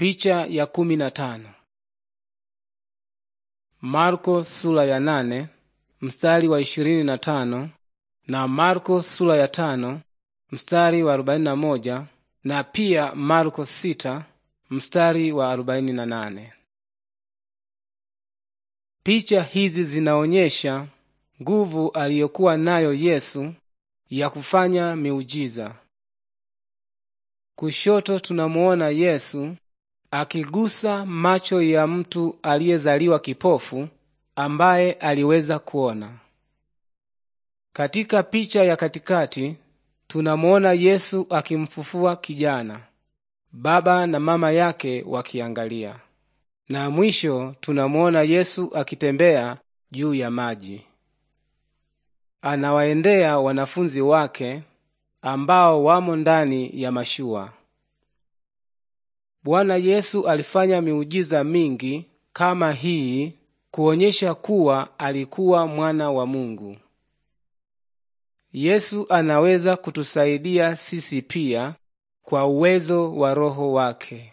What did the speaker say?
Picha ya kumi na tano. Marko sura ya nane mstari wa ishirini na tano na Marko sura ya tano mstari wa arobaini na moja na pia Marko sita mstari wa arobaini na nane. Picha hizi zinaonyesha nguvu aliyokuwa nayo Yesu ya kufanya miujiza. Kushoto tunamuona Yesu akigusa macho ya mtu aliyezaliwa kipofu ambaye aliweza kuona. Katika picha ya katikati tunamwona Yesu akimfufua kijana, baba na mama yake wakiangalia, na mwisho tunamwona Yesu akitembea juu ya maji. Anawaendea wanafunzi wake ambao wamo ndani ya mashua. Bwana Yesu alifanya miujiza mingi kama hii kuonyesha kuwa alikuwa mwana wa Mungu. Yesu anaweza kutusaidia sisi pia kwa uwezo wa Roho wake.